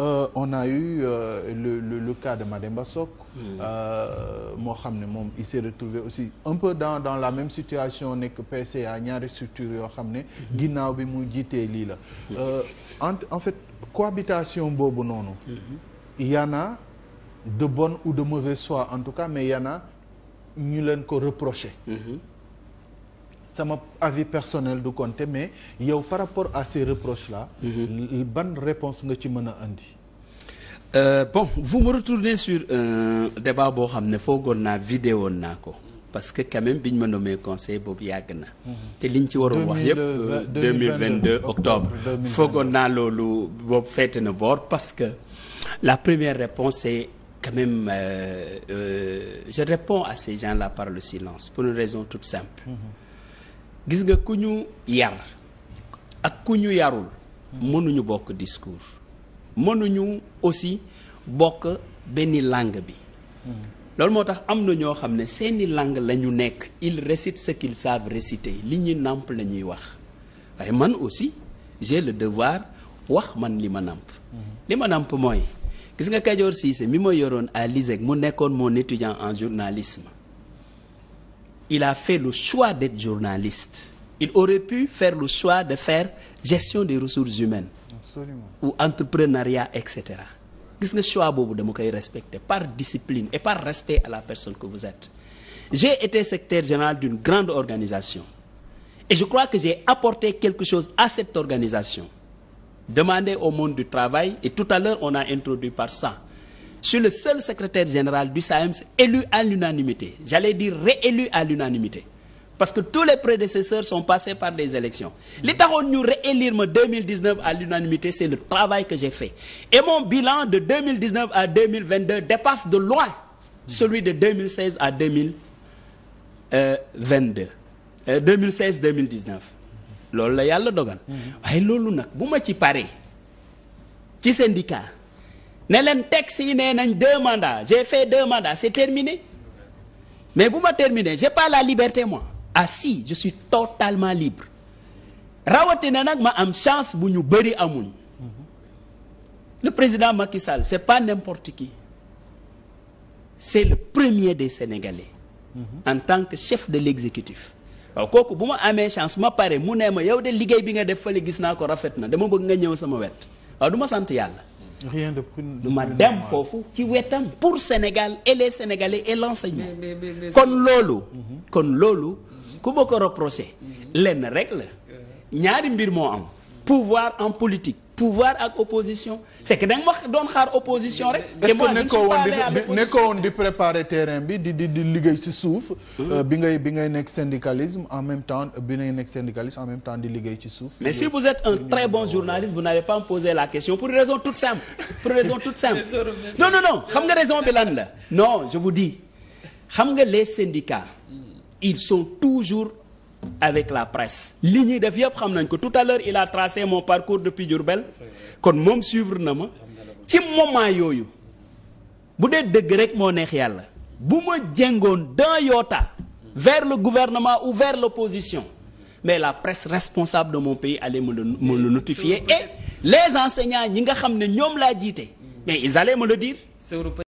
Euh, on a eu euh, le, le le cas de Mademba hmm. euh, moo xam ne moom il s'est retrouvé aussi un peu dans la même situation nekk PCA ñaari structure yoo xam ne hmm. ginnaaw bi mu jiitee lii la euh, en en fait cohabitation boobu noonu hmm. y de bonne ou de mauvaise soit en tout cas mais yana en a ñu leen ko reprocher sama avis personnel du compter mais yow par rapport a ces reproches là. Mhm. ban réponse nga ci mën a indi. Euh, bon vous me retournez sur un boo xam ne foogoon naa vidéo naa ko parce que quand bi ñu ma nommé conseil boobu yàgg na. Mhm. te ñu ci waroon wax yépp 2022 euh, octobre foogoon naa loolu boobu féete na boor parce que la première réponse c'est quand même euh, euh, je réponds à ces gens-là par le silence pour une raison toute simple. Mhm. gis nga ku ñu yar ak ku ñu yarul mënuñu bokk discours mënuñu aussi bokk benn làng bi loolu moo tax am na ñoo xam ne seeni langue la ñu nekk ils récitent ce qu'ils savent réciter li ñuy nàmp la ñuy wax waaye man aussi j'ai le devoir wax man li ma nàmp li ma nàmp mooy gis nga Kajoor Siise mi ma yoroon à l'ISEC mu nekkoon moo étudiant en journalisme il a fait le choix d'être journaliste. Il aurait pu faire le choix de faire gestion des ressources humaines. Absolument. ou entrepreneuriat et cetera. gis nga choix boobu dama koy respecter par discipline et par respect à la personne que vous êtes. j'ai été secrétaire général d'une grande organisation. et je crois que j'ai apporté quelque chose à cette organisation. demandez au monde du travail et tout à l'heure on a introduit par ça. je le seul secretaire général du SAEMS élu à l'unanimité j'allais dire réélu à l'unanimité parce que tous les prédécesseurs sont passés par des élections li taxoon ñu réélire ma 2019 à l'unanimité c'est le travail que j'ai fait et mon bilan de 2019 à 2022 dépasse de loin celui de 2016 à 2022 2016 2019 loolu la yàlla dogal mhm. waaye loolu nag bu ma ci paree ci syndicat ne leen texte yi nee nañ deux mandats fait deux mandats c'est terminé mais bu ma terminé j'ai pas la liberté moi ah si je suis totalement libre rawatina nag ma am chance bu ñu bëri amul le président Macky Sall c'est pas n'importe qui c'est le premier des Sénégalais en tant que chef de l'exécutif waaw kooku bu ma amee chance ma pare mu nee ma yow de liggéey bi nga def fële gis naa ko rafet na dama bëgg nga ñëw sama wet waaw du ma sant yàlla rien de ma dem foofu ci wetam pour Sénégal et les Sénégalais et l'enseignement kon loolu mhm. kon loolu ku ma ko reproché mhm. lenn rek la euh. ñaari mbir moo am pouvoir en politique pouvoir ak opposition c'est que da nga wax doon opposition rek. nekkoon di préparer terrain bi di di di liggéey euh. Euh, bi ngay nekk syndicalisme en même temps bi ngay nekk syndicaliste en même temps di liggéey ci suuf. mais si vous êtes un très bon journaliste vous n'avez pas me posé la question pour raison toute simple. pour raison toute simple. non non non non je vous dis xam nga les syndicats. ils sont toujours. avec la presse li ñuy def yëpp xam nañ ko tout à l'heure il a tracé mon parcours depuis Diourbel kon moom suivre na ma ci moment yooyu bu dee dëgg rek moo neex yàlla bu ma jëngoon d'un iota vers le gouvernement ou vers l'opposition mais la presse responsable de mon pays allait me le me le notifier et les enseignants ñi nga xam ne ñoom laa jiite mais ils allaient me le dire